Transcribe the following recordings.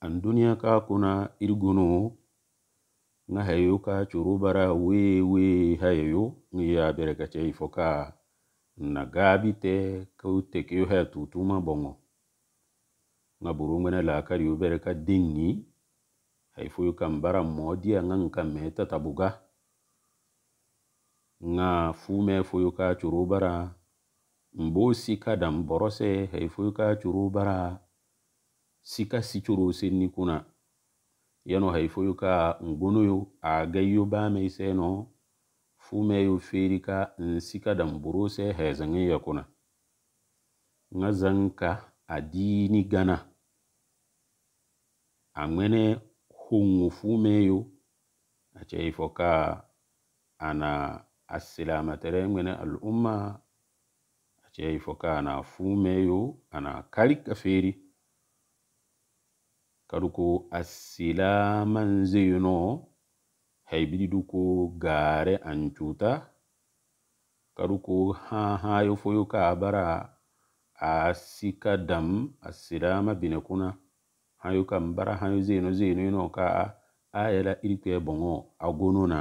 an duniya ka kuna irgunu nga hayo ka curu bara we we hayo nga ya bere ka cai foka na gabi te ka utte ke yuhe tutuma bongo nga buru ngwene la kari yu bere ka dingi hayfu yu kam bara modi ya nga nga meta tabuga nga fume fu yu ka curu bara mbosi ka dam borose hayfu yu ka curu bara nga sika sichuro senni kuna yano haifoyo ka ngonoyo agayyo bamey seno fumeyo feri ka nsika damburo se hezange yakuna nga zanka adini gana amwene hungu fumeyo acheifo ka ana asilamatere mwene al'umma acheifo ka ana fumeyo ana karika feri kadi ko a silaman zeyino haybiɗi du ko gare an cuta kadi ko hahayo foyo ka bara a sika dam a silama bine kuna hayo kam bara hayo zeyino zeyino yino ka a yala irikue bongo a gono na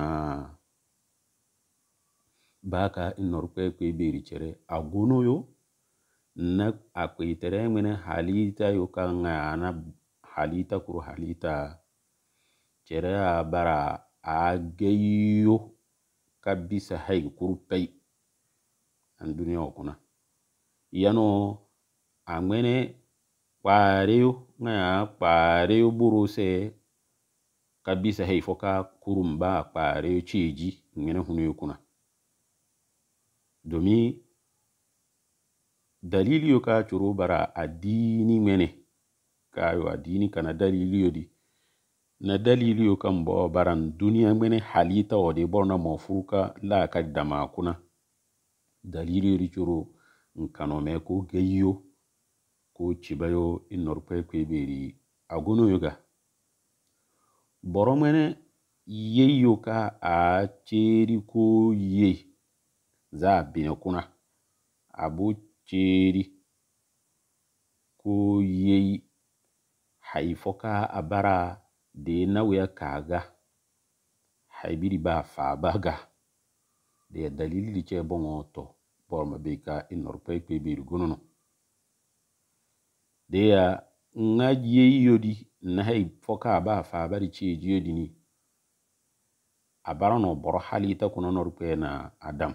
baka inorkue kue beri cere a gono yo na a kuitere mene halita yo ka ngana halita kuru halita a bara a ka kabisa hay kuru kai an duniya kuna yano a ŋmene kpareyo ŋaya kpareyo buru se kabisa hay fo ka ba a kpareyo ceji hunu hunuyo kuna domi dalili yo ka coro bara a dini ŋmene kayo adini kana daliliyo di na daliliyo kan bo baran duniya mene halita wadi borna mafuka la ka dama kuna daliliyo di coro nkanome ko geyiyo ko cibayo inorpe kweberi agonoyo ga boro mene yeyo ka a ceri ko ye za a bine kuna abu ceri ko yeyi hai foka abara de nawe kaga hai biri ba fa baga de dalili di che bongo to borma beka in norpe pe biri gonono de ya nga jiye yodi na hai foka ba fa bari che jiyodi ni abara no boro halita kuno norpe na adam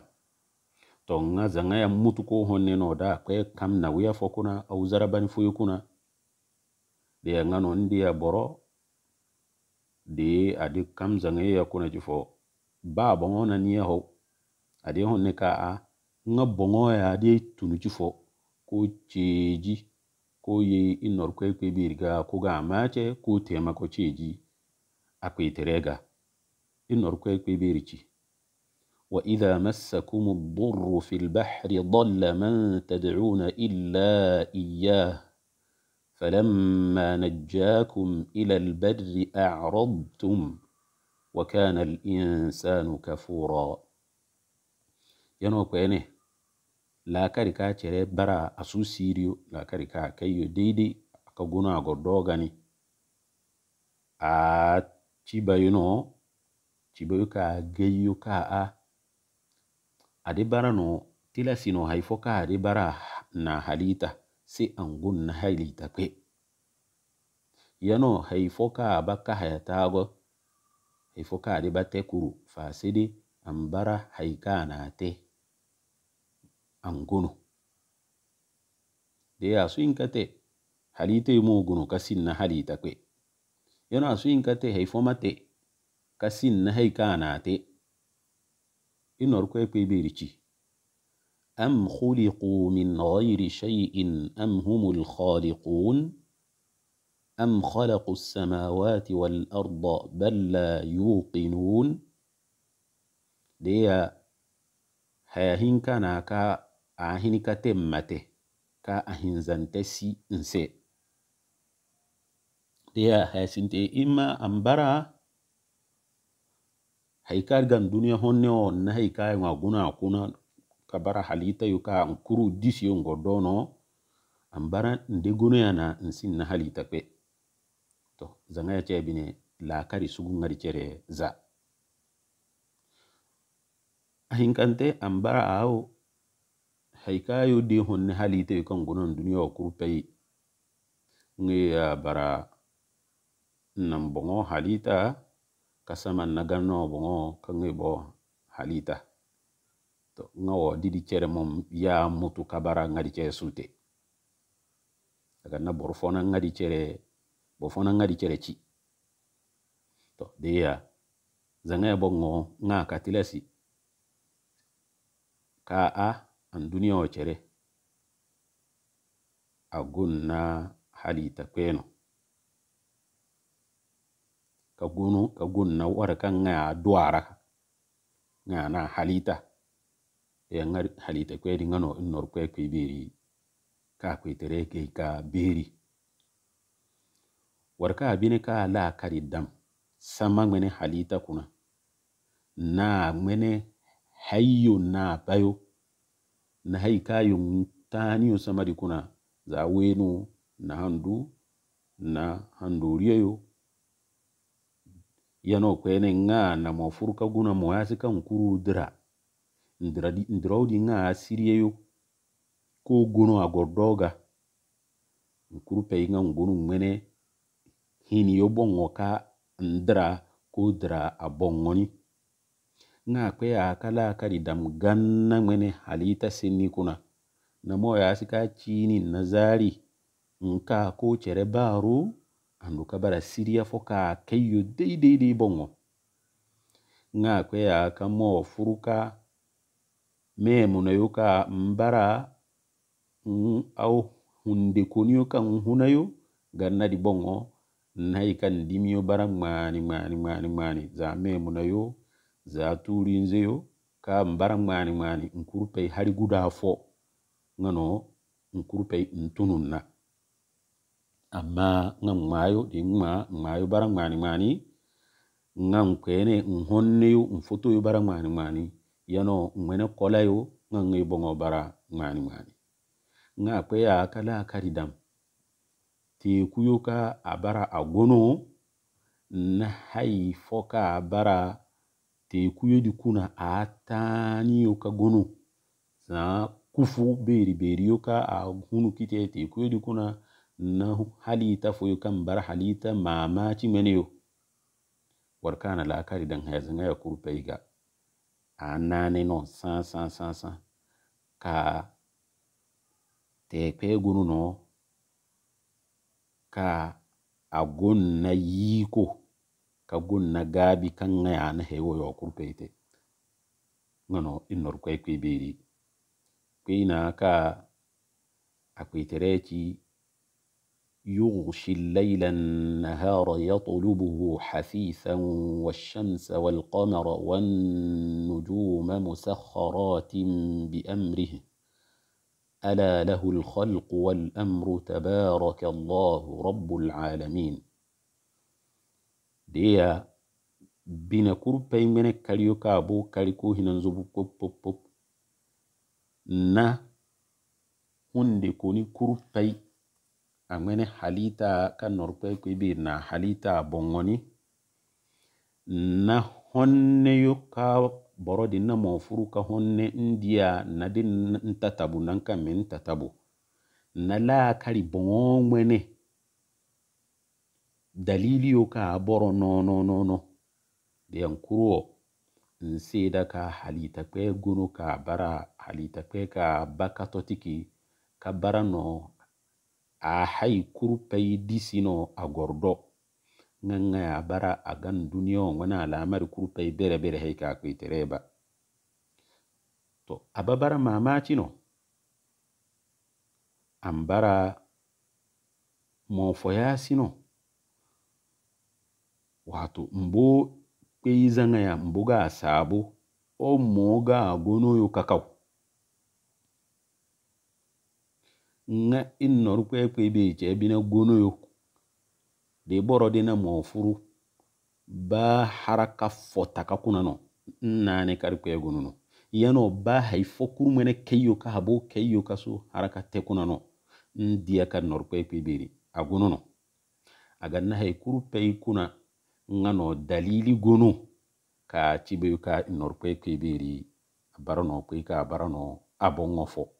to nga zanga ya mutu ko honne no da kwe kam na wiya fokuna au zarabani fuyu kuna Diya ngano ndi ya boro de adi kam zange ya kuna jifo ba bongo na ni ho adi hon ne ka a nga bongo ya adi tunu jifo ko ceji ko ye inor kwe ko birga ko ga amache ko tema ko ceji akwai terega inor kwe birichi wa idha مسكم الضر fil bahri dhalla man تدعون illa فلما نجاكم إلى البر أعرضتم وكان الإنسان كفورا ينوكو كوينه لا كاريكا تشري برا أسو سيريو لا كاريكا كيو ديدي أكغونا غردوغاني a cibayino cibayu ka geyu ka a ade bara no tilasino haifo ka ade se angun na haili kai yano haifoka baka hayatago haifoka ba ta kuru fasidi ambara haika na te gunu de ya su inkate halite mu gunu kasin na hali kai yana su inkate haifo mate kasin na haika na te inorkwe kwebirici أم خلقوا من غير شيء أم هم الخالقون أم خلقوا السماوات والأرض بل لا يوقنون ديا hayahin kana ka ahini ka temmate ka ahinzante si nse deya hayasinte imma ambara haikar gan duniya honne on na haikar ngwa guna kuna kabara halitayu ka an kuru disiyo ngodono an bara ndegonoyana n sinna halita kwe to zangayacaabine lakari sugungari cere za ahinkante an bara awo haikayo di honne halitayu kan gonon duniya wa kuru pai ngeya bara nan bongo halita kasama nagano bongo kangebo halita to ngawo didi kere mom ya mutu kabara ngadi kere sute daga na bor fona ngadi kere bo fona ngadi kere ci to deya zanga ya bongo nga katilasi ka a an duniya wa kere a gunna halita kweno ka gunu ka gunna warakan wara kan nga duara nga na halita yang halita kwedi ngano nor kwe kwe beri ka kwe tere ke ka war ka abine ka la kari dam sama ngwene halita kuna na ngwene hayo na bayo na hai kayo taniyo samadi kuna za wenu na handu na handuriyo yano kwene nga na mofurka guna moyasi kan kuru dira ndirawdi na asiriye yo ko gono agordoga nkuru pe ŋa ngonu hini yo bongo ka ndra ko dra abongoni ŋa kwe akala akali dam ganna halita senni kuna na moya asika chini na zari nka ko chere baru andu kabara bara siriya fo ka keyo deidei bongo nga kwe akamo furuka mee munayo ka mbara aw hunde koniyo kan hunayo gannadi bongo nayi kan dimiyo bara mani mani mani mani za mee munayo za turinzeyo ka mbara mani mani nkurpei hari guda fo ngano nkurpei ntununna amma nga mmayo di mma mmayo bara mani mani nga mkwene nhonneyo nfotoyo bara mani mani yano ŋmene kola ŋa nga boŋo bara ngani. ŋmani ŋa kpeya kala karidam Ti kuyo ka a bara a na hayi fo ka ti bara kuyo di kuna a taniyo ka gono na kufu beri beri ka a kite ti kuyo di kuna na halita foyo kan bara halita mamaci ŋmeneyo warkana la karidam hayazi ŋa yakuru peyga anaani no san san-san-san ka tɛɛkpɛɛ gunu nɔɔ ka a gonu na yiiko ka gonu na gaabi ka ŋaya ni hei wo yɔɔ kuri kpɛyite ŋanɔ i nɔri kpɛi kpɛ beeri kpɛi na ka a kpɛyiterɛɛ ci يغشي الليل النهار يطلبه حثيثا والشمس والقمر والنجوم مسخرات بامره الا له الخلق والامر تبارك الله رب العالمين ديا بنا كوربي من كاليو كابو كاليكو هنا كوب نا هندي كوني angwene halita ka norpe kwibi na halita bongoni na honne yo ka boro din na mofuru ka honne ndia na din ntatabu nan ka min tatabu na la kari bongo ngwene dalili yo ka boro no no no no de ankuruo nseda ka halita kwe gunu ka bara halita kwe ka bakatotiki ka bara no a hay kurpay disino a gordo ŋaŋay a bara a gan duniyo ŋona a lamari kurpay bere bere hay ka kuitereba to a babara mamatino an bara mofoyasino wato mbo kpeizaŋaya mboga sabo o moga gonoyo kakaw nga inor kwekwe be che bina gono yo de boro de na furu ba haraka fota ka kuna no nane kar kwe gono no yano ba hay fokuru mene keyo ka habo keyo ka so haraka te kuna no ndia ka nor kwekwe beri agono no aga na hay kuru pe kuna nga no dalili gono ka cibe ka nor kwekwe beri barano kweka barano abongo fo